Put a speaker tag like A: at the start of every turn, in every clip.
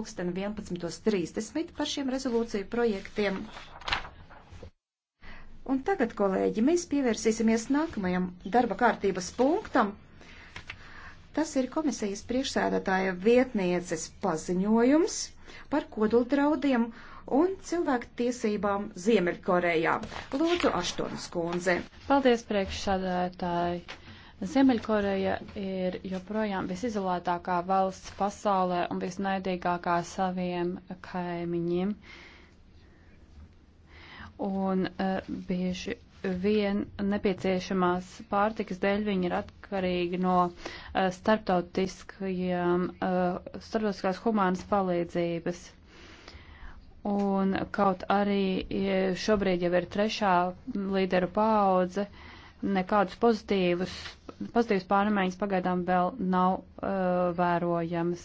A: pulksten 11.30 par šiem rezolūciju projektiem. Un tagad, kolēģi, mēs pievērsīsimies nākamajam darba kārtības punktam. Tas ir komisijas priekšsēdētāja vietnieces paziņojums par kodoldraudiem un cilvēku tiesībām Ziemeļkorejā. Lūdzu, Aštons kundze.
B: Paldies, priekšsēdētāji. Ziemeļkoreja ir joprojām visizolētākā valsts pasaulē un visnaidīgākā saviem kaimiņiem. Un uh, bieži vien nepieciešamās pārtikas dēļ viņi ir atkarīgi no uh, eh, starptautiskajām, uh, eh, starptautiskās humānas palīdzības. Un kaut arī šobrīd jau ir trešā līderu paudze. Uh, nekādus pozitīvus, pozitīvus pārmaiņas pagaidām vēl nav uh, vērojamas.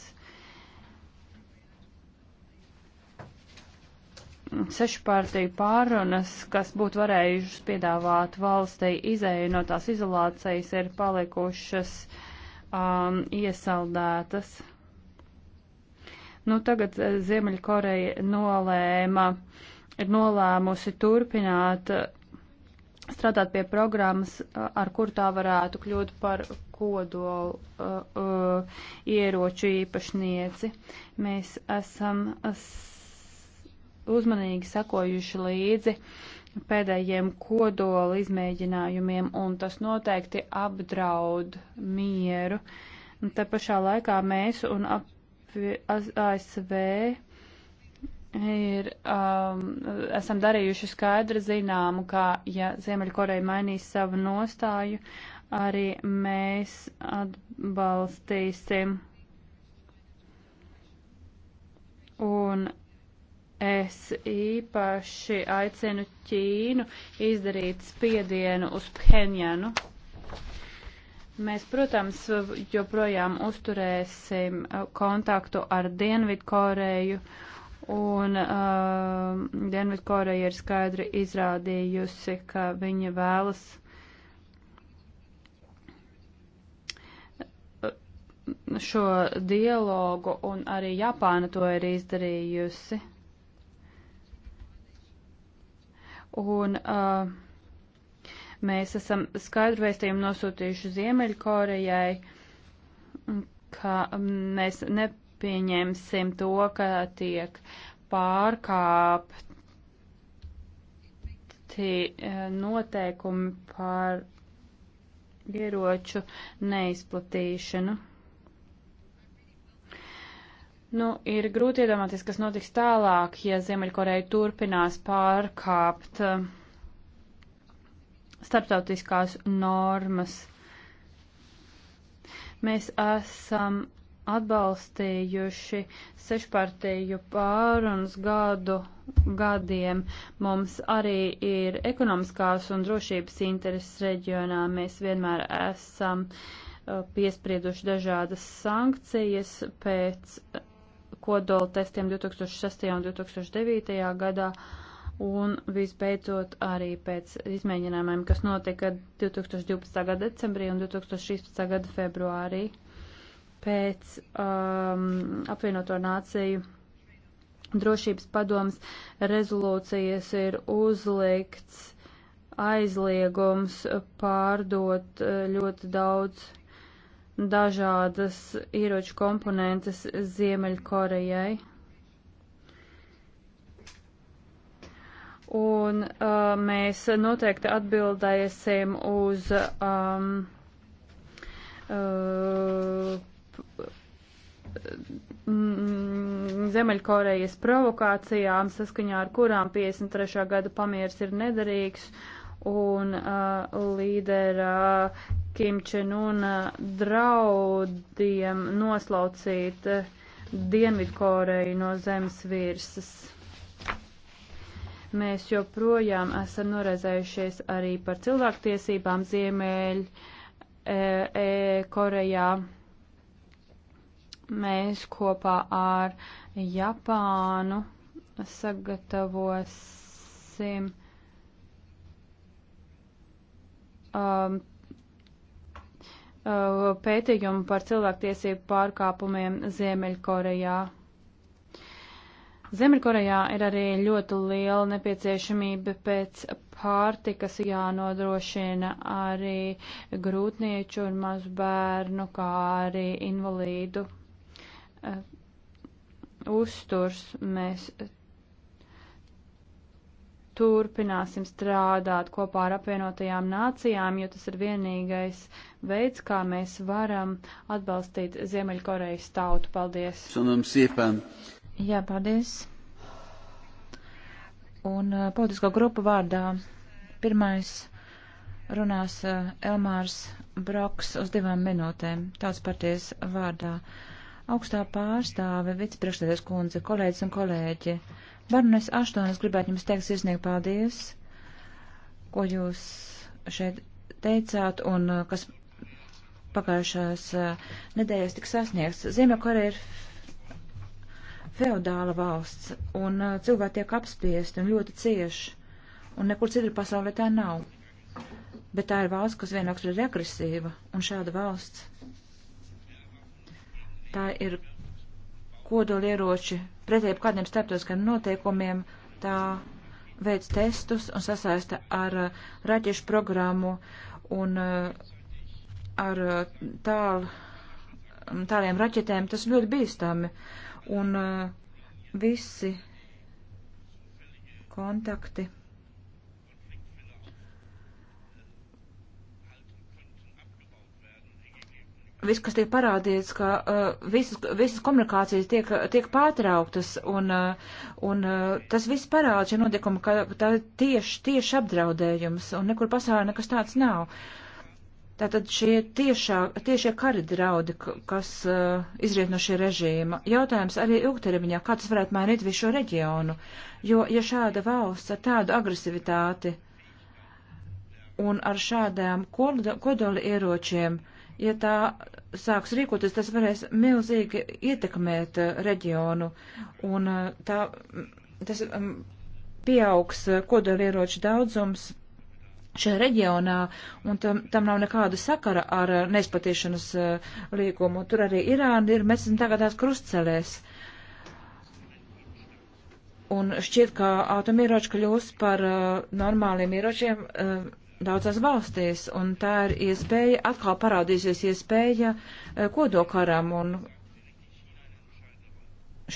B: 6 partiju pārunas, kas būtu varējušas piedāvāt valstī izēju no tās izolācijas, ir palikušas um, iesaldētas. Nu, tagad uh, Ziemeļkoreja nolēma, ir nolēmusi turpināt uh, strādāt pie programmas, ar kur tā varētu kļūt par kodolu uh, uh, ieroču īpašnieci. Mēs esam uzmanīgi sakojuši līdzi pēdējiem kodola izmēģinājumiem, un tas noteikti apdraud mieru. Un te pašā laikā mēs un ASV ir, um, esam darījuši skaidri zināmu, ka, ja Ziemeļkoreja mainīs savu nostāju, arī mēs atbalstīsim. Un es īpaši aicinu Ķīnu izdarīt spiedienu uz Phenjanu. Mēs, protams, joprojām uzturēsim kontaktu ar Dienvidkoreju. Koreju un uh, Dienvidkoreja ir skaidri izrādījusi, ka viņa vēlas uh, šo dialogu, un arī Japāna to ir izdarījusi. Un uh, mēs esam skaidru vēstījumu nosūtījuši Ziemeļkorejai, ka um, mēs ne pieņemsim to, ka tiek pārkāpti e, noteikumi par ieroču neizplatīšanu. Nu, ir grūti iedomāties, kas notiks tālāk, ja Ziemeļkoreja turpinās pārkāpt e, starptautiskās normas. Mēs esam atbalstījuši sešpartiju pārunas gadu gadiem. Mums arī ir ekonomiskās un drošības intereses reģionā. Mēs vienmēr esam uh, piesprieduši dažādas sankcijas pēc uh, kodola testiem 2006. un 2009. gadā. Un visbeidzot arī pēc izmēģinājumiem, kas notika 2012. gada decembrī un 2016. gada februārī pēc um, apvienoto nāciju drošības padomas rezolūcijas ir uzlikts aizliegums pārdot uh, ļoti daudz dažādas ieroču komponentes Ziemeļkorejai. Un uh, mēs noteikti atbildēsim uz um, uh, Mm, Ziemeļkorejas provokācijām, saskaņā ar kurām 53. gada pamieris ir nederīgs un uh, līdera Kim Čenuna uh, draudiem noslaucīt uh, Dienvidkoreju no zemes virsas. Mēs joprojām esam noraizējušies arī par cilvēktiesībām Ziemeļ e, e, Korejā mēs kopā ar Japānu sagatavosim um, uh, pētījumu par cilvēktiesību pārkāpumiem Ziemeļkorejā. Ziemeļkorejā ir arī ļoti liela nepieciešamība pēc pārtikas jānodrošina arī grūtnieču un mazbērnu, kā arī invalīdu Eh, uzturs, mēs turpināsim strādāt kopā ar apvienotajām nācijām, jo tas ir vienīgais veids, kā mēs varam atbalstīt Ziemeļkorejas tautu. Paldies! Jā, paldies! Un eh, politisko grupu vārdā
C: pirmais runās eh, Elmārs Broks uz divām minūtēm. Tās parties vārdā. Uh, Augstā pārstāve, vicepriekšsēdētājs kundze, kolēģis un kolēģi. Baronis Aštonis gribētu jums teikt sirsnīgi paldies, ko jūs šeit teicāt un uh, kas pagājušās uh, nedēļas tik sasniegts. Ziemeļkoreja ir feodāla valsts un uh, cilvēki tiek apspiesti un ļoti cieši un nekur citur pasaulē tā nav. Bet tā ir valsts, kas vienlaikus ir regresīva, un šāda valsts tā ir kodolieroči pretēji kādiem starptautiskiem noteikumiem, tā veids testus un sasaista ar uh, raķešu programmu un uh, ar uh, tālu, um, tāliem raķetēm. Tas ļoti bīstami. Un visi kontakti. viss, kas tiek parādīts, ka uh, visas, visas komunikācijas tiek, tiek pārtrauktas, un, uh, un uh, tas viss parāda šie notikumi, ka tā ir tieši, tieši apdraudējums, un nekur pasaulē nekas tāds nav. Tātad šie tiešā, tiešie kari draudi, kas uh, izriet no šī režīma. Jautājums arī ilgtermiņā, kā tas varētu mainīt visu šo reģionu, jo ja šāda valsts ar tādu agresivitāti un ar šādām kodoli ieročiem, uh, ja tā sāks rīkoties, tas varēs milzīgi ietekmēt eh, reģionu, un eh, tā, tas pieaugs eh, kodolieroču daudzums šajā reģionā, un tam, tam nav nekāda sakara ar neizpatīšanas līgumu. Tur arī Irāna ir, mēs esam tagadās krustcelēs. Un šķiet, ka automieroči kļūs par uh, normāliem ieročiem. Uh, daudzās valstīs, un tā ir iespēja, atkal parādīsies iespēja eh, kodokaram, un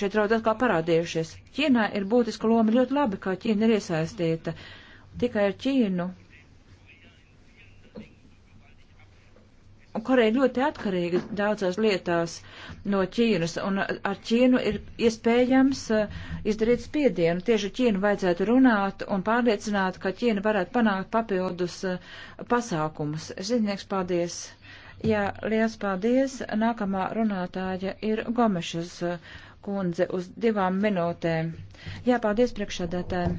C: šie draudi atkal parādījušies. Ķīnā ir būtiska loma ļoti labi, kā Ķīna ir iesaistīta. Tikai ar Ķīnu Koreja ļoti atkarīga daudzās lietās no Ķīnas, un ar Ķīnu ir iespējams uh, izdarīt spiedienu. Tieši Ķīnu vajadzētu runāt un pārliecināt, ka Ķīna varētu panākt papildus uh, pasākumus. Zinieks, paldies! Jā, liels paldies! Nākamā runātāja ir Gomešas uh, kundze uz divām minūtēm. Jā, paldies priekšādātājiem!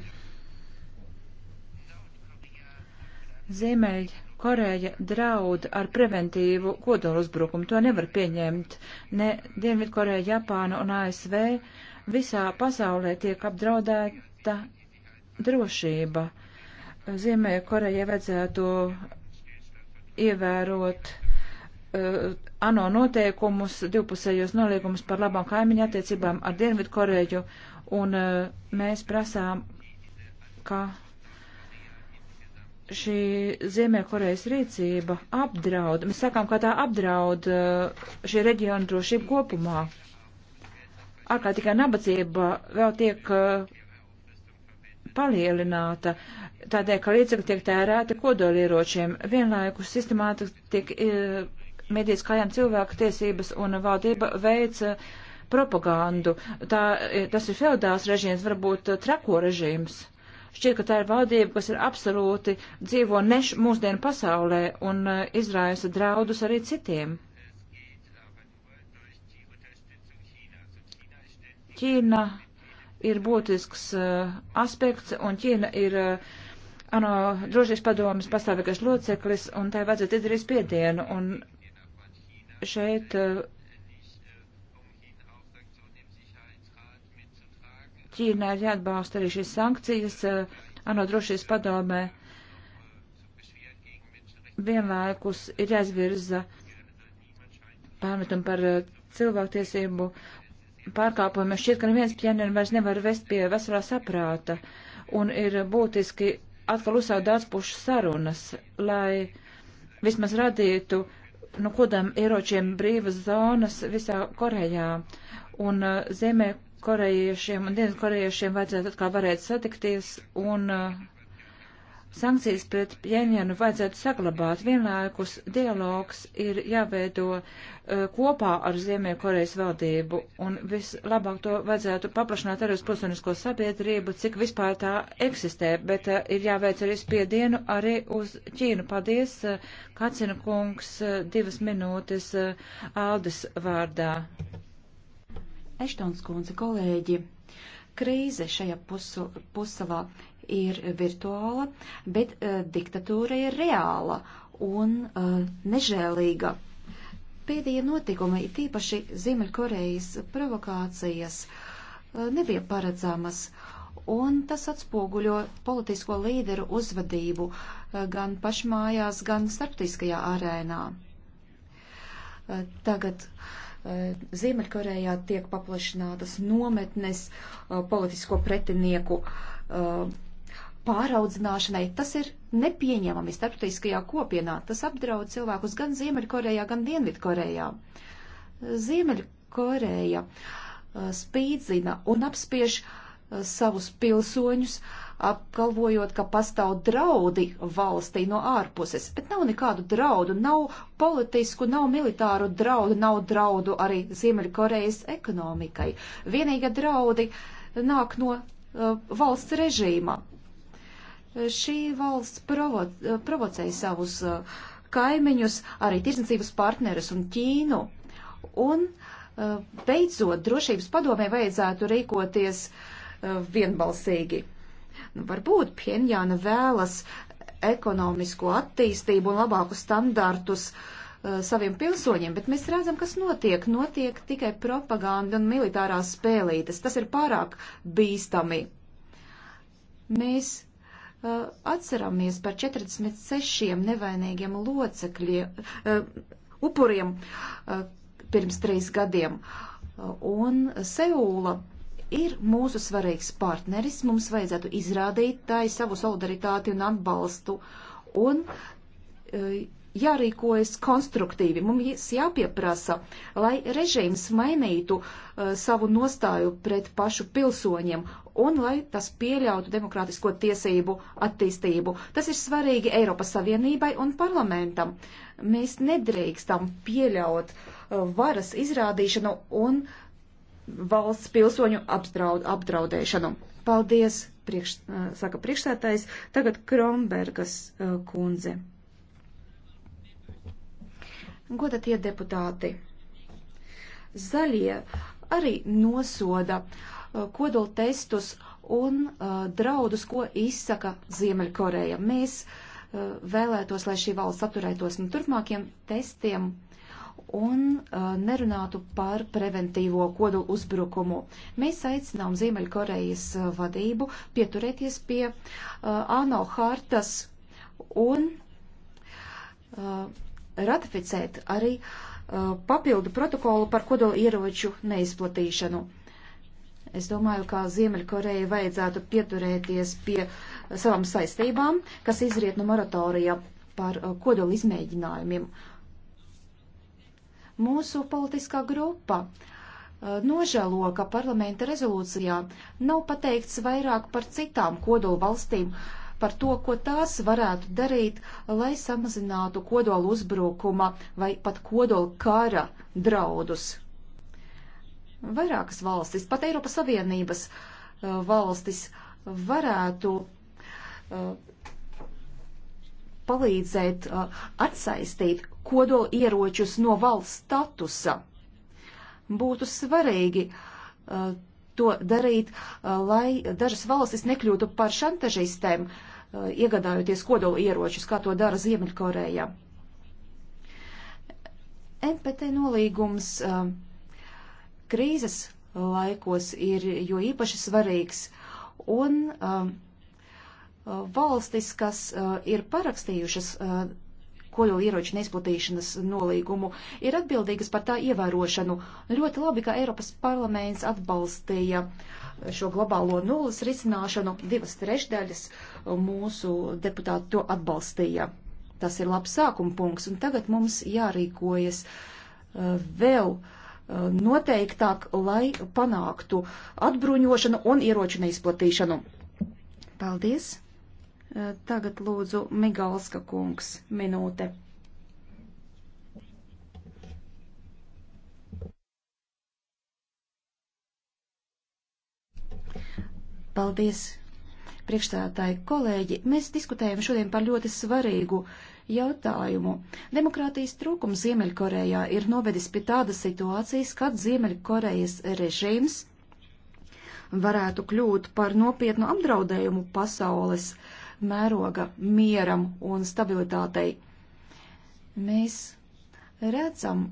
C: Ziemeļa Koreja draud ar preventīvu kodolu uzbrukumu. To nevar pieņemt ne Dienvidkoreja, Japāna un ASV. Visā pasaulē tiek apdraudēta drošība. Ziemē Korejai vajadzētu ievērot uh, ANO noteikumus, divpusējos noliegumus par labām kaimiņu attiecībām ar Dienvidkoreju, un uh, mēs prasām, ka šī Ziemeļkorejas rīcība apdraud, mēs sakām, ka tā apdraud uh, šī reģiona drošību kopumā. Ārkārtīgā nabadzība vēl tiek uh, palielināta, tādēļ, ka līdzekļi tiek tērēti kodolieročiem, vienlaikus sistemātiski tiek uh, medijas kājām cilvēku tiesības un valdība veica propagandu. Tā, tas ir feudāls režīms, varbūt trako režīms Šķiet, ka tā ir valdība, kas ir absolūti dzīvo neš mūsdienu pasaulē un uh, izraisa draudus arī citiem. Ķīna ir būtisks uh, aspekts, un Ķīna ir uh, ano, drošības padomas pastāvīgais loceklis, un tai vajadzētu izdarīt spiedienu, un šeit uh, Ķīnā ir jāatbalsta arī šīs sankcijas, eh, ANO drošības padomē vienlaikus ir jāizvirza pārmetumu par eh, cilvēktiesību pārkāpumiem. Šķiet, ka neviens pieņēmums vairs nevar vest pie veselā saprāta un ir būtiski atkal uzsākt daudzpušu sarunas, lai vismaz radītu no nu, kodām ieročiem brīvas zonas visā Korejā un eh, Zemē korejiešiem un dienvidkorejiešiem vajadzētu atkal varēt satikties un uh, sankcijas pret Pjēņienu vajadzētu saglabāt. Vienlaikus dialogs ir jāveido uh, kopā ar Ziemeļkorejas valdību un vislabāk to vajadzētu paplašināt arī uz pilsonisko sabiedrību, cik vispār tā eksistē, bet uh, ir jāveic arī spiedienu arī uz Ķīnu. Paldies, uh, Kacina kungs, uh, divas minūtes
A: uh, Aldis vārdā. Eštons kundze, kolēģi, krīze šajā pusu, pussalā ir virtuāla, bet uh, diktatūra ir reāla un uh, nežēlīga. Pēdējie notikumi, tīpaši Ziemeļkorejas provokācijas, uh, nebija paredzamas. Un tas atspoguļo politisko līderu uzvedību uh, gan pašmājās, gan starptiskajā arēnā. Uh, tagad uh, Eh, Ziemeļkorejā tiek paplašinātas nometnes eh, politisko pretinieku eh, pāraudzināšanai. Tas ir nepieņemami starptautiskajā kopienā. Tas apdraud cilvēkus gan Ziemeļkorejā, gan Dienvidkorejā. Ziemeļkoreja spīdzina un apspiež savus pilsoņus uh, apgalvojot, ka pastāv draudi valstī no ārpuses, bet nav nekādu draudu, nav politisku, nav militāru draudu, nav draudu arī Ziemeļkorejas ekonomikai. Vienīgie draudi nāk no uh, valsts režīma. Šī valsts provo uh, provocē savus uh, kaimiņus, arī tirsniecības partnerus un Ķīnu. Un uh, beidzot, drošības padomē vajadzētu rīkoties uh, vienbalsīgi. Nu, varbūt Pienjāna vēlas ekonomisko attīstību un labākus standartus uh, saviem pilsoņiem, bet mēs redzam, kas notiek. Notiek tikai propaganda un militārās spēlītes. Tas ir pārāk bīstami. Mēs uh, atceramies par 46 nevainīgiem locekļiem, uh, upuriem uh, pirms trīs gadiem. Uh, un Seula ir mūsu svarīgs partneris, mums vajadzētu izrādīt tai savu solidaritāti un atbalstu un e, jārīkojas konstruktīvi. Mums jāpieprasa, lai režīms mainītu e, savu nostāju pret pašu pilsoņiem un lai tas pieļautu demokrātisko tiesību attīstību. Tas ir svarīgi Eiropas Savienībai un parlamentam. Mēs nedrīkstam pieļaut e, varas izrādīšanu un uh, valsts pilsoņu apdraud, apdraudēšanu. Paldies, priekš, saka priekšsētājs, tagad Krombergas kundze. Godatie deputāti, zaļie arī nosoda kodol testus un uh, draudus, ko izsaka Ziemeļkoreja. Mēs uh, vēlētos, lai šī valsts atturētos no turpmākiem testiem uh, un uh, nerunātu par preventīvo kodolu uzbrukumu. Mēs aicinām Ziemeļkorejas uh, vadību pieturēties pie uh, ANO hartas un uh, ratificēt arī uh, papildu protokolu par kodolu ieroču neizplatīšanu. Es domāju, ka Ziemeļkoreja vajadzētu pieturēties pie uh, savām saistībām, kas izriet no moratorija par uh, kodolu izmēģinājumiem. Uh, Mūsu politiskā grupa eh, nožēlo, ka parlamenta rezolūcijā nav pateikts vairāk par citām kodolu valstīm, par to, ko tās varētu darīt, lai samazinātu kodolu uzbrukuma vai pat kodolu kara draudus. Vairākas valstis, pat Eiropas Savienības eh, valstis, varētu eh, palīdzēt atsaistīt kodola ieročus no valsts statusa. Būtu svarīgi uh, to darīt, uh, lai dažas valstis nekļūtu par šantažistēm, uh, iegādājoties kodola ieročus, kā to dara Ziemeļkoreja. NPT nolīgums uh, krīzes laikos ir jo īpaši svarīgs, un uh, valstis, kas uh, ir parakstījušas kodolieroču neizplatīšanas nolīgumu, ir atbildīgas par tā ievērošanu. Ļoti labi, ka Eiropas parlaments atbalstīja šo globālo nulles risināšanu. Divas trešdaļas mūsu deputāti to atbalstīja. Tas ir labs sākuma punkts, un tagad mums jārīkojas uh, vēl uh, noteiktāk, lai panāktu atbruņošanu un ieroču neizplatīšanu. Paldies! Eh, tagad lūdzu Migalska kungs minūte. Paldies, priekšstādātāji kolēģi. Mēs diskutējam šodien par ļoti svarīgu jautājumu. Demokrātijas trūkums Ziemeļkorejā ir novedis pie tādas situācijas, kad Ziemeļkorejas režīms varētu kļūt par nopietnu apdraudējumu pasaules uh, mēroga mieram un stabilitātei. Mēs redzam,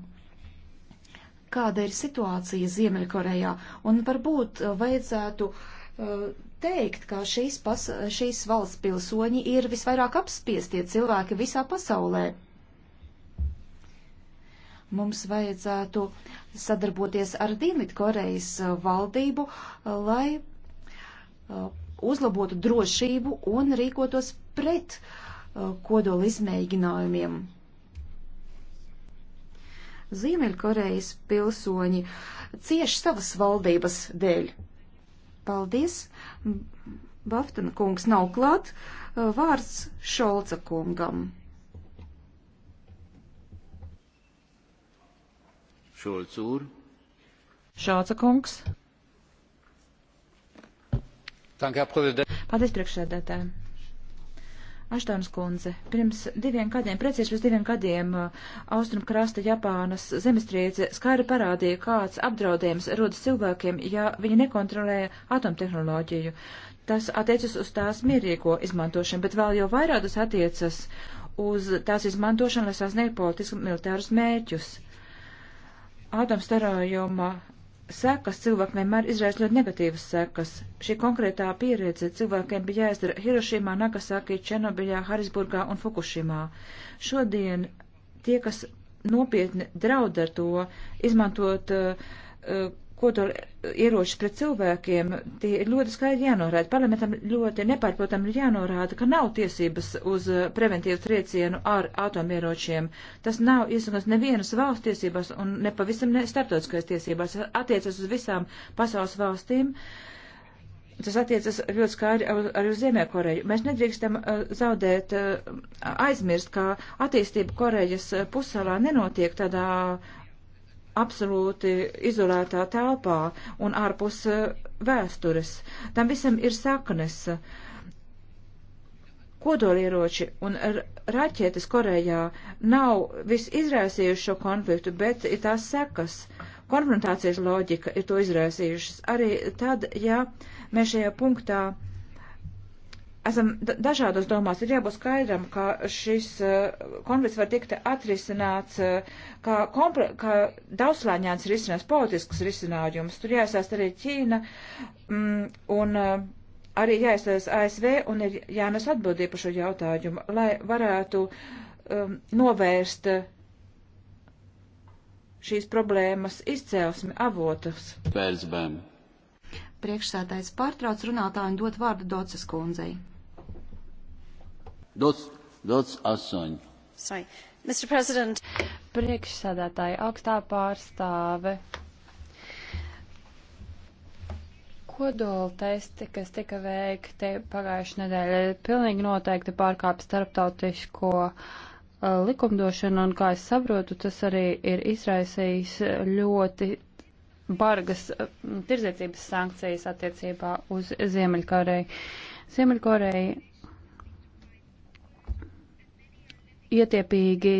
A: kāda ir situācija Ziemeļkorejā, un varbūt uh, vajadzētu uh, teikt, ka šīs, pas, šīs valsts pilsoņi ir visvairāk apspiestie cilvēki visā pasaulē. Mums vajadzētu sadarboties ar Dienvidkorejas uh, valdību, uh, lai uzlabotu drošību un rīkotos pret uh, kodola izmēģinājumiem. Ziemeļkorejas pilsoņi cieši savas valdības dēļ. Paldies! Baftana kungs nav klāt. Uh, vārds Šolca kungam.
B: Šolca kungs. Paldies,
C: priekšsēdētāji! Aštons kundze, pirms diviem gadiem, precīzi pirms diviem gadiem, uh, austrumu krasta Japānas zemestrīce skaidri parādīja, kāds apdraudējums rodas cilvēkiem, ja viņi nekontrolē atomtehnoloģiju. Tas attiecas uz tās mierīgo izmantošanu, bet vēl jau vairāk tas attiecas uz tās izmantošanu, lai sasniegtu politisku militārus mēķus. Atomstarojuma sekas cilvēki vienmēr izraisa ļoti negatīvas sekas. Šī konkrētā pieredze cilvēkiem bija jāizdara Hirošīmā, Nagasaki, Černobiļā, Harisburgā un Fukušimā. Šodien tie, kas nopietni draud ar to, izmantot uh, uh kodola ieroči pret cilvēkiem, tie ir ļoti skaidri jānorāda. Parlamentam ļoti nepārprotam ir jānorāda, ka nav tiesības uz preventīvu triecienu ar atomieročiem. Tas nav iesakās nevienas valsts tiesībās un ne pavisam ne starptautiskais tiesībās. Attiecas uz visām pasaules valstīm. Tas attiecas ļoti skaidri arī uz Ziemeļkoreju. Mēs nedrīkstam uh, zaudēt, uh, aizmirst, ka attīstība Korejas uh, pusalā nenotiek tādā absolūti izolētā telpā un ārpus eh, vēstures. Tam visam ir saknes. Kodolieroči un raķetes Korejā nav viss izraisījuši šo konfliktu, bet ir tās sekas. Konfrontācijas loģika ir to izraisījušas. Arī tad, ja mēs šajā punktā uh, esam dažādos domās. Ir jābūt skaidram, ka šis eh, konflikts var tikt atrisināts eh, kā, kā daudzslāņāns risinājums, politisks risinājums. Tur jāiesaist arī Ķīna mm, un eh, arī jāiesaist ASV un ir jānes atbildība par šo jautājumu, lai varētu um, novērst šīs problēmas izcēlesmi avotus.
B: Pēcbēm
A: priekšsēdājs pārtrauc runātāju un dot vārdu Doces kundzei.
C: Dots, dots asoņ.
B: Sorry. Mr. President. Priekšsēdētāji, augstā pārstāve. Kodola testi, kas tika veikti pagājušajā nedēļā, pilnīgi noteikti pārkāpj starptautisko uh, likumdošana, un kā es saprotu, tas arī ir izraisījis ļoti bargas uh, tirzniecības sankcijas attiecībā uz Ziemeļkoreju. Ziemeļkoreja ietiepīgi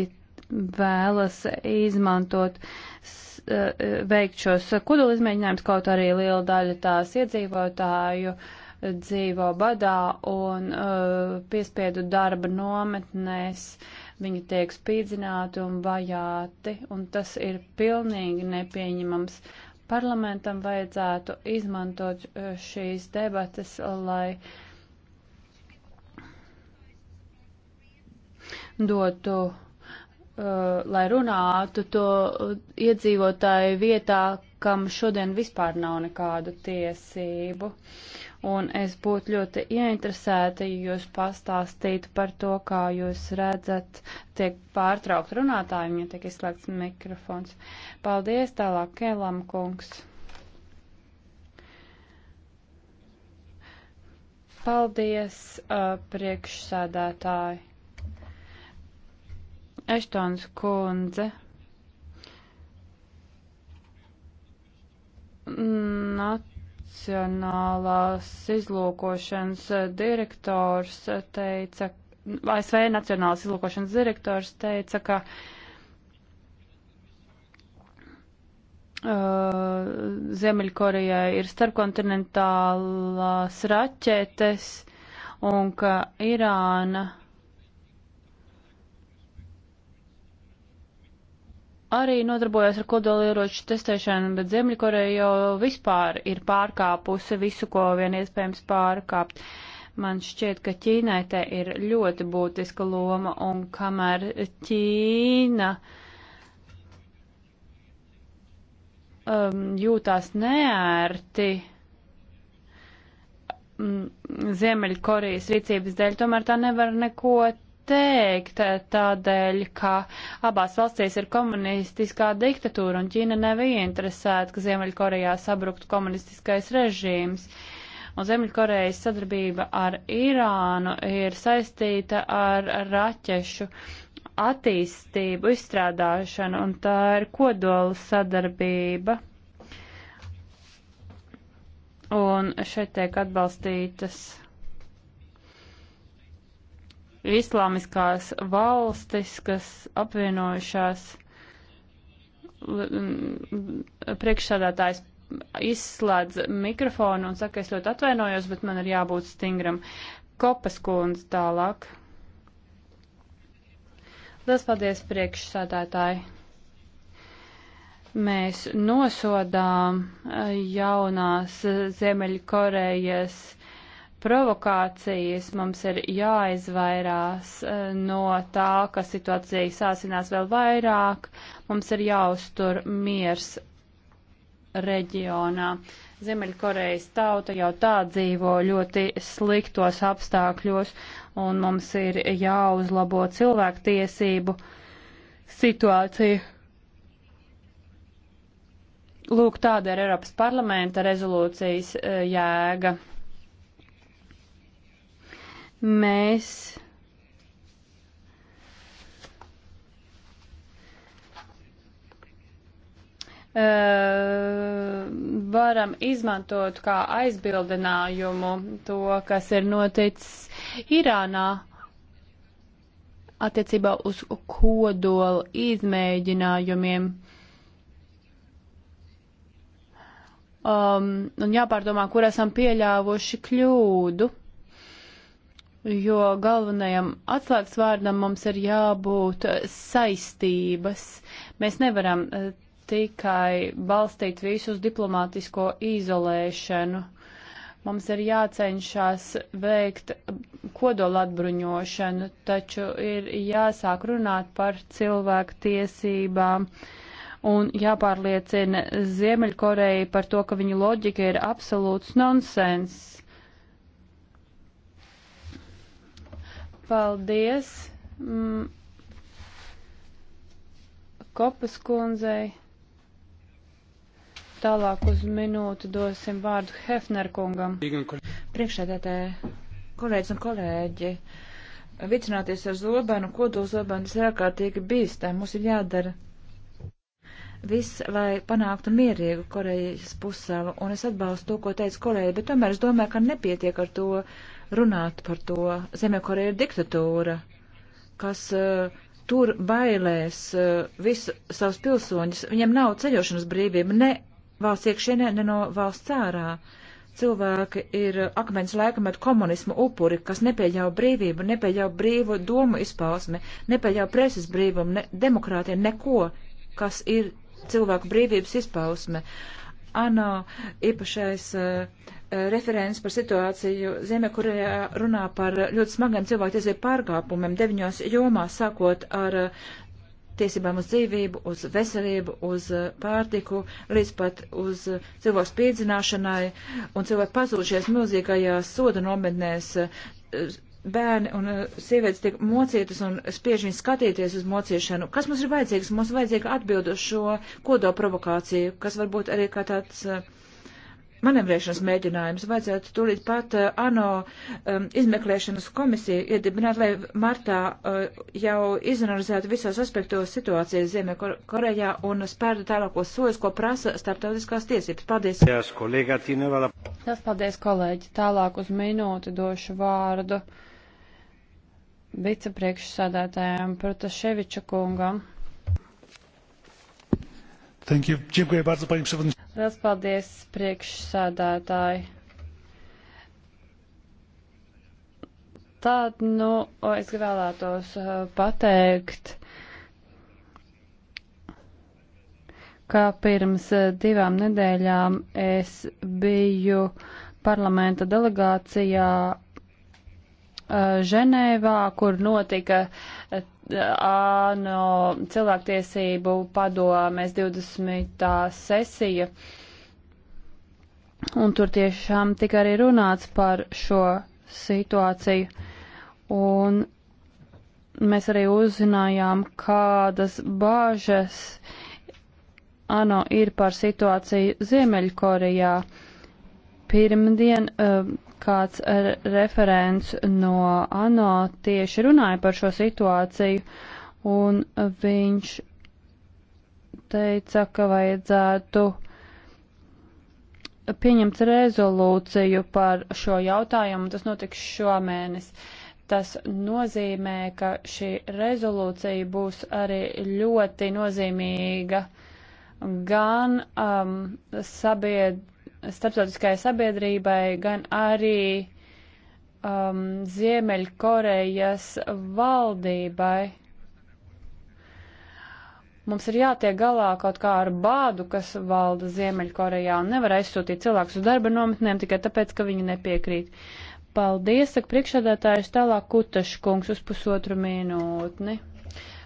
B: vēlas izmantot, e, e, veikt šos kodoli izmēģinājumus, kaut arī liela daļa tās iedzīvotāju dzīvo badā un uh, piespiedu darba nometnēs. Viņi tiek spīdzināti un vajāti, un tas ir pilnīgi nepieņemams. Parlamentam vajadzētu izmantot šīs debates, lai uh, dotu, uh, lai runātu to iedzīvotāju vietā, kam šodien vispār nav nekādu tiesību. Un es būtu ļoti ieinteresēta, ja jūs pastāstītu par to, kā jūs redzat, tiek pārtraukt runātājiem, ja tiek izslēgts mikrofons. Paldies tālāk, Kēlam kungs. Paldies, uh, priekšsēdētāji. Eštons kundze. Nacionālās izlūkošanas direktors teica, ASV Nacionālās izlūkošanas direktors teica, ka uh, Ziemeļkorejai ir starpkontinentālās raķetes un ka Irāna arī nodarbojas ar kodolieroču testēšanu, bet Ziemļkoreja jau vispār ir pārkāpusi visu, ko vien iespējams pārkāpt. Man šķiet, ka Ķīnai te ir ļoti būtiska loma, un kamēr Ķīna um, jūtās neērti, mm, Ziemeļkorejas rīcības dēļ, tomēr tā nevar neko teikt, tādēļ, ka abās valstīs ir komunistiskā diktatūra un Ķīna nebija interesēta, ka Ziemeļkorejā sabruktu komunistiskais režīms. Un Ziemeļkorejas sadarbība ar Irānu ir saistīta ar raķešu attīstību, izstrādāšanu, un tā ir kodola sadarbība. Un šeit tiek atbalstītas islāmiskās valstis, kas apvienojušās priekšsādātājs izslēdz mikrofonu un saka, es ļoti atvainojos, bet man ir jābūt stingram. Kopas kundze tālāk. Lielas paldies priekšsādātāji. Mēs nosodām eh, jaunās Ziemeļkorejas provokācijas, mums ir jāizvairās eh, no tā, ka situācija sāsinās vēl vairāk, mums ir jāuztur miers reģionā. Ziemeļkorejas tauta jau tā dzīvo ļoti sliktos apstākļos, un mums ir jāuzlabo cilvēktiesību situācija. Lūk, tāda ir Eiropas parlamenta rezolūcijas eh, jēga mēs varam izmantot kā aizbildinājumu to, kas ir noticis Irānā attiecībā uz kodola izmēģinājumiem. Um, un jāpārdomā, kur esam pieļāvuši kļūdu jo galvenajam atslēgas vārdam mums ir jābūt eh, saistības. Mēs nevaram eh, tikai balstīt visu uz diplomātisko izolēšanu. Mums ir jācenšas veikt eh, kodola atbruņošanu, taču ir jāsāk runāt par cilvēku tiesībām un jāpārliecina Ziemeļkoreja par to, ka viņu loģika ir absolūts nonsens Paldies mm, Kopas kundzei. Tālāk uz minūti dosim vārdu Hefner kungam. Priekšēdētē kolēģis un kolēģi.
C: Vicināties ar zobenu, kodols zobens ir ārkārtīgi bīstam. Mums ir jādara viss, lai panāktu mierīgu Korejas pusēlu, un es atbalstu to, ko teica kolēģi, bet tomēr es domāju, ka nepietiek ar to runāt par to. Ziemeļkoreja ir diktatūra, kas uh, tur bailēs uh, visu savus pilsoņus. Viņam nav ceļošanas brīvība ne valsts iekšienē, ne no valsts ārā. Cilvēki ir akmens laikamēt komunismu upuri, kas nepieļauj brīvību, nepieļauj brīvu domu izpausmi, nepieļauj preses brīvumu, ne, demokrātiem, neko, kas ir cilvēku brīvības izpausme. ANO īpašais uh, referents par situāciju Ziemekurējā runā par ļoti smagiem cilvēktiesību pārkāpumiem deviņos jomās, sākot ar uh, tiesībām uz dzīvību, uz veselību, uz eh, pārtiku, līdz pat uz cilvēku spīdzināšanai un cilvēku pazūšies milzīgajās soda nometnēs bērni un eh, sievietes tiek mocītas un spiež viņus skatīties uz mocīšanu. Kas mums ir vajadzīgs? Mums vajadzīga atbild uz šo kodoprovokāciju, kas varbūt arī kā tāds eh, manevrēšanas mēģinājums. Vajadzētu tūlīt pat uh, ANO um, izmeklēšanas komisiju iedibināt, lai martā uh, jau izanalizētu visos aspektos situācijas Ziemē Korejā un
B: spērtu tālākos soļus, ko prasa starptautiskās tiesības. Paldies! Tas paldies, kolēģi! Tālāk uz minūti došu vārdu vicepriekšsādātājiem Protaševiča kungam.
C: Thank you. Dziękuję bardzo, panie przewodniczący.
B: Liels paldies, priekšsādātāji. Tad, nu, es vēlētos uh, pateikt, ka pirms uh, divām nedēļām es biju parlamenta delegācijā Uh, Ženēvā, kur notika uh, ANO cilvēktiesību padomēs 20. sesija. Un tur tiešām tika arī runāts par šo situāciju. Un mēs arī uzzinājām, kādas bāžas ANO ir par situāciju Ziemeļkorejā. Pirmdien uh, kāds e, referents no ANO tieši runāja par šo situāciju, un viņš teica, ka vajadzētu pieņemt rezolūciju par šo jautājumu, tas notiks šomēnes. Tas nozīmē, ka šī rezolūcija būs arī ļoti nozīmīga gan um, sabied, starptautiskajai sabiedrībai, gan arī um, Ziemeļkorejas valdībai. Mums ir jātiek galā kaut kā ar bādu, kas valda Ziemeļkorejā, un nevar aizsūtīt cilvēkus uz darba nometnēm tikai tāpēc, ka viņi nepiekrīt. Paldies, saka priekšsēdētājs tālāk Kutaškungs uz pusotru minūtni.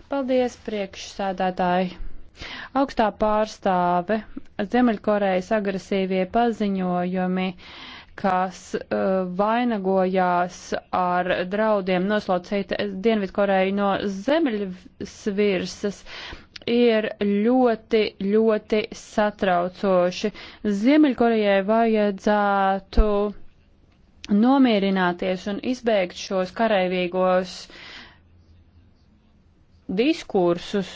B: Paldies, priekšsēdētāji! Augstā pārstāve Ziemeļkorejas agresīvie paziņojumi kas uh, vainagojās ar draudiem noslaucīt Dienvidkoreju no zemeļsvirsas, ir ļoti, ļoti satraucoši. Ziemeļkorejai vajadzētu nomierināties un izbeigt šos karavīgos diskursus,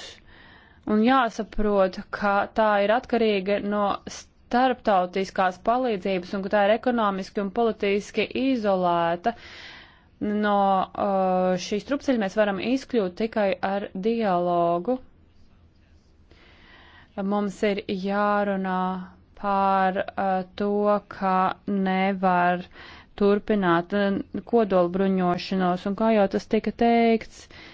B: Un jāsaprot, ka tā ir atkarīga no starptautiskās palīdzības un ka tā ir ekonomiski un politiski izolēta. No uh, šīs trupceļa mēs varam izkļūt tikai ar dialogu. Mums ir jārunā par uh, to, ka nevar turpināt uh, kodolbruņošanos, un kā jau tas tika teikts, uh,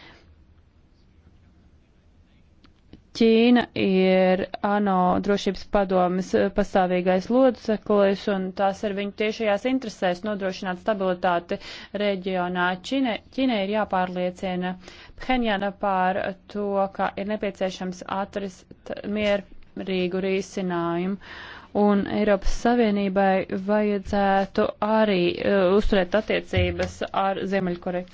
B: Ķīna ir ANO drošības padomas eh, pastāvīgais loceklis, un tās ir viņu tiešajās interesēs nodrošināt stabilitāti reģionā. Ķina, Ķina ir jāpārliecina Phenjana pār to, ka ir nepieciešams atrast mierīgu risinājumu. Un Eiropas Savienībai vajadzētu arī uh, uzturēt attiecības ar Ziemeļkoreju.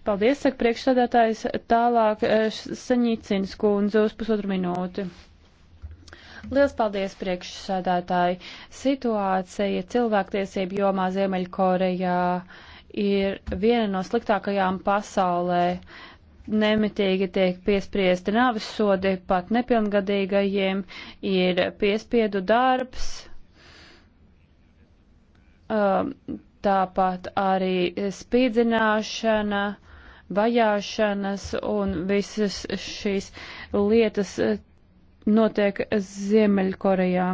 B: Paldies, saka priekšsādātājs. Tālāk eh, Saņīcins kundze uz pusotru minūti. Liels paldies priekšsādātāji. Situācija cilvēktiesību jomā Ziemeļkorejā ir viena no sliktākajām pasaulē. Nemitīgi tiek piespriesti nāvis sodi, pat nepilngadīgajiem ir piespiedu darbs. Um, tāpat arī spīdzināšana. Uh, vajāšanas un visas šīs lietas eh, notiek Ziemeļkorejā.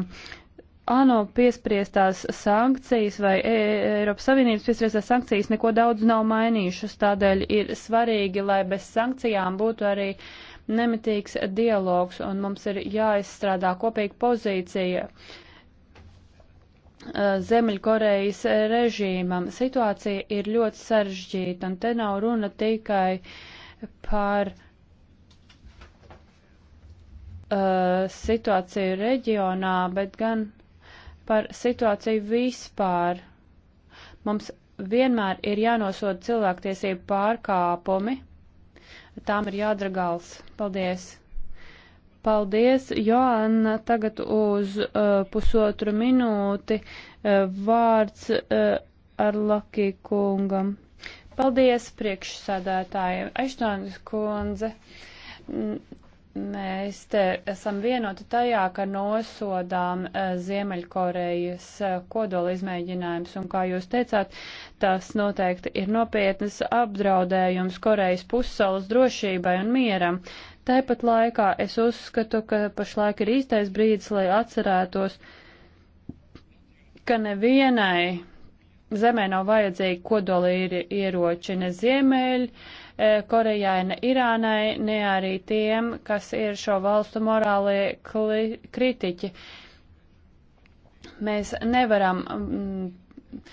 B: ANO piespriestās sankcijas vai e, Eiropas Savienības piespriestās sankcijas neko daudz nav mainījušas, tādēļ ir svarīgi, lai bez sankcijām būtu arī nemitīgs dialogs un mums ir jāizstrādā kopīga pozīcija. Uh, Uh, Ziemeļkorejas režīmam. Situācija ir ļoti sarežģīta, un te nav runa tikai par uh, situāciju reģionā, bet gan par situāciju vispār. Mums vienmēr ir jānosoda cilvēktiesību pārkāpumi. Tām ir jādragals. Paldies! Paldies, Joanna. Tagad uz uh, pusotru minūti uh, vārds uh, ar Lakī kungam. Paldies priekšsādātājiem. Aštānis kundze. Mm, Mēs te esam vienoti tajā, ka nosodām eh, Ziemeļkorejas eh, kodola izmēģinājums, un kā jūs teicāt, tas noteikti ir nopietnas apdraudējums Korejas pussalas drošībai un mieram. Tāpat laikā es uzskatu, ka pašlaik ir īstais brīdis, lai atcerētos, ka nevienai zemē nav vajadzīgi kodoli ieroči, ne ziemeļi E, Korejai, ne Irānai, ne arī tiem, kas ir šo valstu morālie kritiķi. Mēs nevaram mm,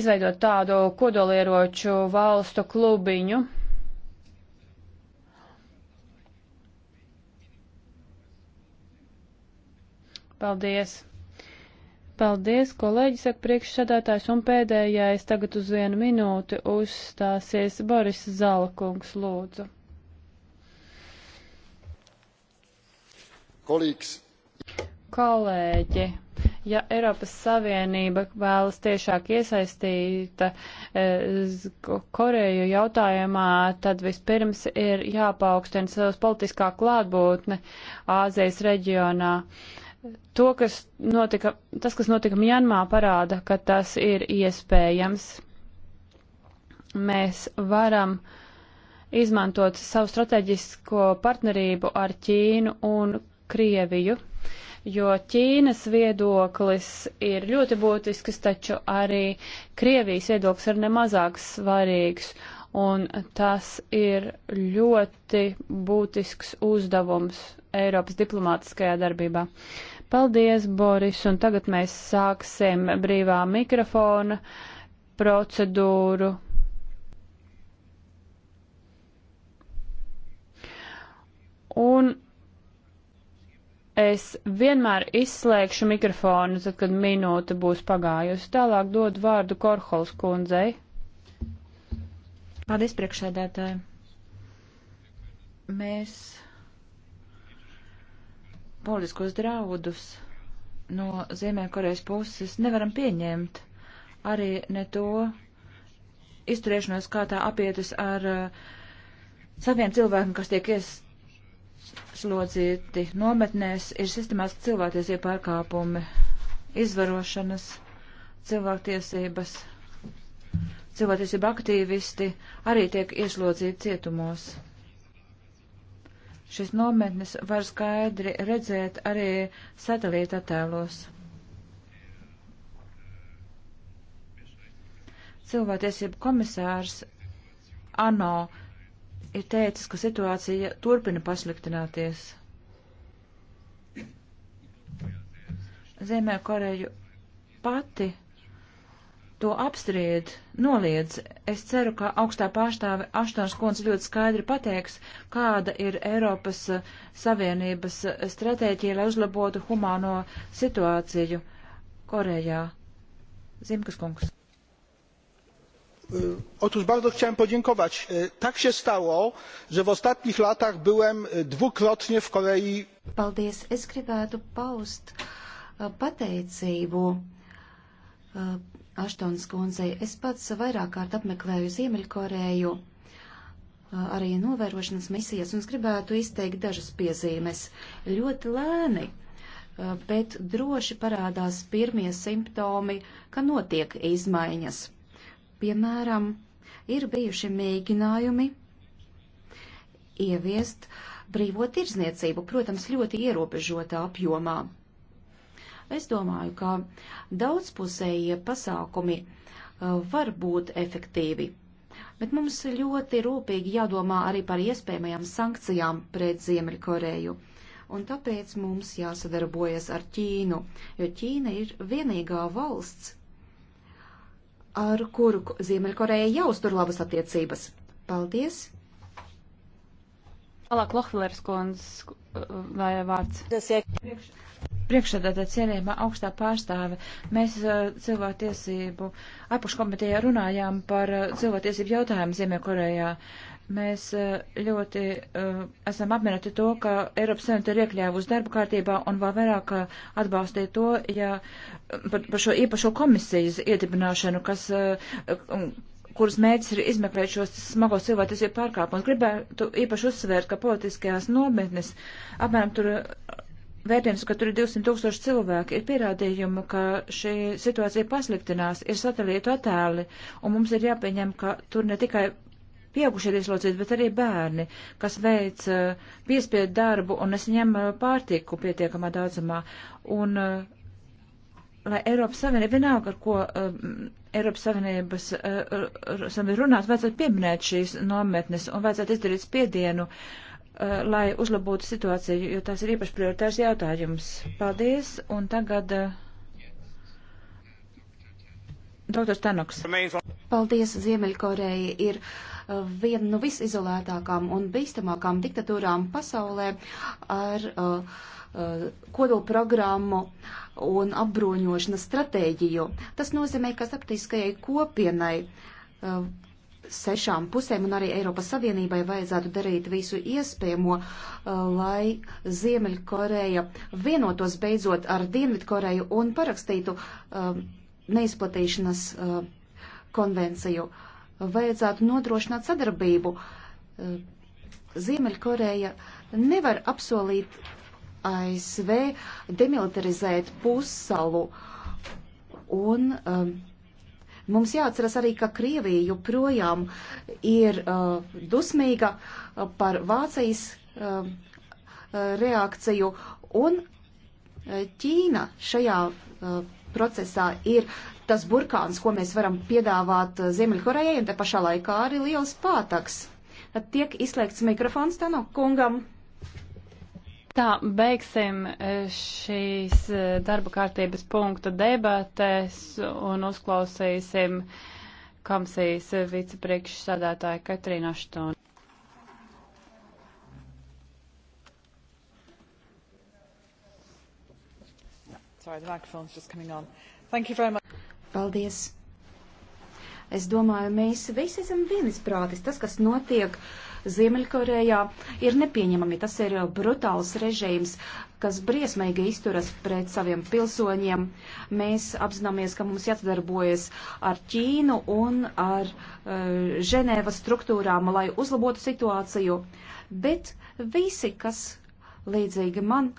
B: izveidot tādu kodolieroču valstu klubiņu. Paldies! Paldies, kolēģi, saka priekšsēdētājs, un pēdējais tagad uz vienu minūti uzstāsies Boris Zalakungs, lūdzu. Kolīgs. Kolēģi, ja Eiropas Savienība vēlas tiešāk iesaistīta e, Koreju jautājumā, tad vispirms ir jāpaukstina savas politiskā klātbūtne Āzijas reģionā. Uh, to, kas notika, tas, kas notika Mjanmā, parāda, ka tas ir iespējams. Mēs varam izmantot savu strateģisko partnerību ar Ķīnu un Krieviju, jo Ķīnas viedoklis ir ļoti būtisks, taču arī Krievijas viedoklis ir nemazāk svarīgs, un tas ir ļoti būtisks uzdevums Eiropas diplomātiskajā darbībā. Uh, Paldies, Boris, un tagad mēs sāksim brīvā mikrofona procedūru. Un es vienmēr izslēgšu mikrofonu, tad, kad minūte būs pagājusi. Tālāk dod vārdu Korhols kundzei. Paldies, priekšsēdētāji. Mēs
C: politiskos draudus no Ziemeļkorejas puses nevaram pieņemt. Arī ne to izturēšanos, kā tā apietas ar uh, saviem cilvēkiem, kas tiek ieslodzīti nometnēs, ir sistemātiski cilvēktiesība pārkāpumi, izvarošanas, cilvēktiesības, cilvēktiesība aktīvisti arī tiek ieslodzīti cietumos. Šis nometnes var skaidri redzēt arī satelīta attēlos. Cilvēktiesību komisārs ANO ir teicis, ka situācija turpina pasliktināties. Zemē Koreju pati to apstried, noliedz. Es ceru, ka augstā pārstāve Aštons Kons ļoti skaidri pateiks, kāda ir Eiropas eh, Savienības eh, stratēģija, lai uzlabotu humāno situāciju Korejā. Zimkas kungs. E, otóż bardzo chciałem podziękować. E, tak się stało, że w ostatnich latach byłem e, dwukrotnie w Korei.
A: Paldies, es gribētu paust pateicību Aštons kundzei, es pats vairāk kārt apmeklēju Ziemeļkoreju, arī novērošanas misijas, un es gribētu izteikt dažas piezīmes. Ļoti lēni, bet droši parādās pirmie simptomi, ka notiek izmaiņas. Piemēram, ir bijuši mēģinājumi ieviest brīvo tirzniecību, protams, ļoti ierobežotā apjomā. Es domāju, ka daudzpusējie pasākumi uh, var būt efektīvi, bet mums ļoti rūpīgi jādomā arī par iespējamajām sankcijām pret Ziemeļkoreju. Un tāpēc mums jāsadarbojas ar Ķīnu, jo Ķīna ir vienīgā valsts, ar kuru Ziemeļkoreja jau uztur labas attiecības. Paldies!
B: Tālāk Lohvilers kundz uh, vai vārds
C: priekšsēdētāja cienījumā augstā pārstāve. Mēs uh, cilvēktiesību apakškomitejā runājām par uh, cilvēktiesību jautājumu Ziemeļkorejā. Mēs uh, ļoti uh, esam apmierināti to, ka Eiropas Savienība ir iekļāvusi darba kārtībā un vēl vairāk atbalstīja to, ja um, par, par šo īpašo komisijas iedibināšanu, kas, uh, um, kuras mērķis ir izmeklēt šos smagos cilvēkus pārkāpumus. Gribētu īpaši uzsvērt, ka politiskajās nometnes apmēram tur vērtējums, ka tur ir 200 tūkstoši cilvēki, ir pierādījumi, ka šī situācija pasliktinās, ir satelītu attēli, un mums ir jāpieņem, ka tur ne tikai pieaugušie ir ieslodzīti, bet arī bērni, kas veic eh, piespiedu darbu un nesņem eh, pārtiku pietiekamā daudzumā. Un, eh, lai Eiropas Savienība vienalga, ar ko um, Eiropas Savienības uh, runāt, vajadzētu pieminēt šīs nometnes un vajadzētu izdarīt spiedienu uh, Eh, lai uzlabotu situāciju, jo tās ir īpaši prioritārs jautājums.
A: Paldies, un tagad. Eh,
C: Dr. Tanoks.
A: Paldies, Ziemeļkoreja ir eh, viena no visizolētākām un bīstamākām diktatūrām pasaulē ar uh, uh, kodolprogrammu un apbruņošanas stratēģiju. Tas nozīmē, ka starptautiskajai kopienai uh, sešām pusēm, un arī Eiropas Savienībai vajadzētu darīt visu iespējamo, uh, lai Ziemeļkoreja vienotos beidzot ar Dienvidkoreju un parakstītu uh, neizplatīšanas uh, konvenciju. Vajadzētu nodrošināt sadarbību. Ziemeļkoreja nevar apsolīt ASV demilitarizēt pussalu un um, Mums jāatceras arī, ka Krievija joprojām ir uh, dusmīga uh, par Vācijas uh, uh reakciju, un uh, Ķīna šajā uh, procesā ir tas burkāns, ko mēs varam piedāvāt Ziemeļkorejai, un te pašā laikā arī liels pātaks. Tad
B: tiek izslēgts mikrofons Tano kungam. Tā, beigsim e, šīs e, darba kārtības punktu debatēs un uzklausīsim komisijas vicepriekšsādātāju Katrīnu Aštonu.
A: Sorry, the microphone's just coming on. Thank you very much. Paldies. Es domāju, mēs visi esam vienisprātis. Tas, kas notiek Ziemeļkorejā, ir nepieņemami. Tas ir brutāls režīms, kas briesmīgi izturas pret saviem pilsoņiem. Mēs apzināmies, ka mums jāsadarbojas ar Ķīnu un ar uh, Ženēvas struktūrām, lai uzlabotu situāciju. Bet visi, kas līdzīgi man.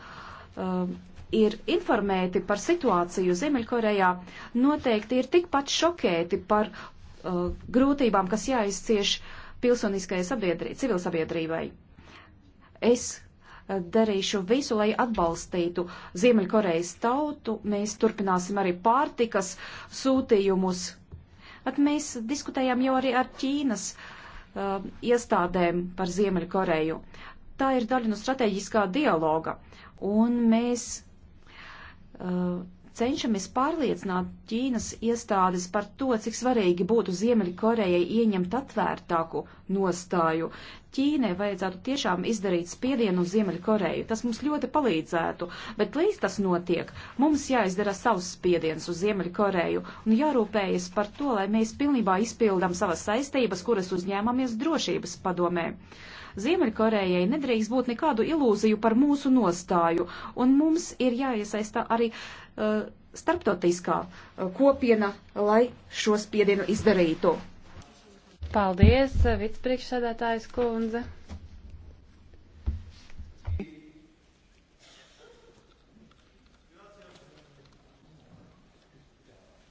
A: Uh, ir informēti par situāciju Ziemeļkorejā, noteikti ir tikpat šokēti par uh, grūtībām, kas jāizcieš pilsoniskajai sabiedrībai, civilsabiedrībai. Es uh, darīšu visu, lai atbalstītu Ziemeļkorejas tautu. Mēs turpināsim arī pārtikas sūtījumus. At mēs diskutējām jau arī ar Ķīnas uh, iestādēm par Ziemeļkoreju. Tā ir daļa no strateģiskā dialoga. Un mēs uh, cenšamies pārliecināt Ķīnas iestādes par to, cik svarīgi būtu Ziemeļkorejai ieņemt atvērtāku nostāju. Ķīnai vajadzētu tiešām izdarīt spiedienu uz Ziemeļkoreju. Tas mums ļoti palīdzētu, bet līdz tas notiek, mums jāizdara savs spiediens uz Ziemeļkoreju un jārūpējas par to, lai mēs pilnībā izpildam savas saistības, kuras uzņēmamies drošības padomē. Ziemeļkorejai nedrīkst būt nekādu ilūziju par mūsu nostāju, un mums ir jāiesaistā arī Uh, starptautiskā uh, kopiena, lai šo spiedienu izdarītu.
B: Paldies, uh, vicepriekšsēdētājs kundze.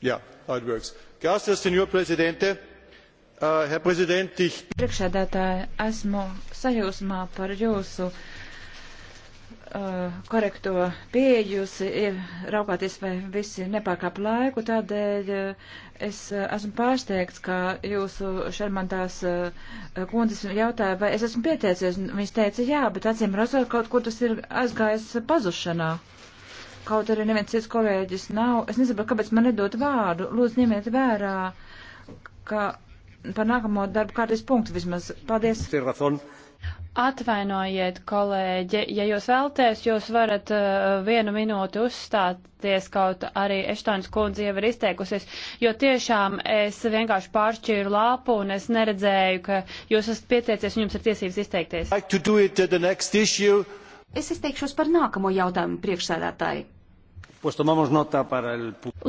A: Ja, Gracias, señor presidente. Uh, Herr Präsident, ich.
C: Priekšsēdētāji, esmu sajūsmā par jūsu uh, uh, korekto pieejus, eh, raugāties, vai visi nepārkāp laiku, tādēļ uh, es uh, esmu pārsteigts, ka jūsu šermantās uh, kundzes jautāja, vai es esmu pieteicies, un viņas teica, jā, bet acīm redzot, kaut kur tas ir aizgājis pazušanā. Kaut arī neviens cits kolēģis nav, es nesaprotu, kāpēc man nedot vārdu, lūdzu ņemiet vērā, ka par nākamo darbu kārtas punktu vismaz. Paldies. Tierrazon.
B: Atvainojiet, kolēģi, ja jūs vēlties, jūs varat uh, vienu minūti uzstāties, kaut arī Eštāns kundze jau ir izteikusies, jo tiešām es vienkārši pāršķīru lāpu un es neredzēju, ka jūs esat pieteicies un jums ir tiesības izteikties.
C: Like
B: es izteikšos par nākamo jautājumu priekšsēdētāji.
A: Pues el...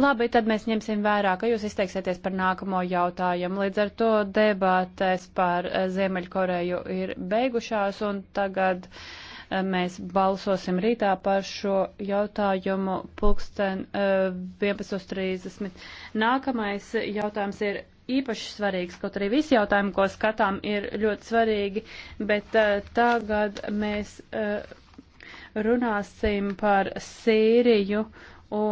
B: Labi, tad mēs ņemsim vērā, ka jūs izteiksieties par nākamo jautājumu. Līdz ar to debātēs par Ziemeļkoreju ir beigušās, un tagad eh, mēs balsosim rītā par šo jautājumu pulksten 11.30. Eh, Nākamais jautājums ir īpaši svarīgs, kaut arī visi jautājumi, ko skatām, ir ļoti svarīgi, bet eh, tagad mēs runāsim par Sīriju un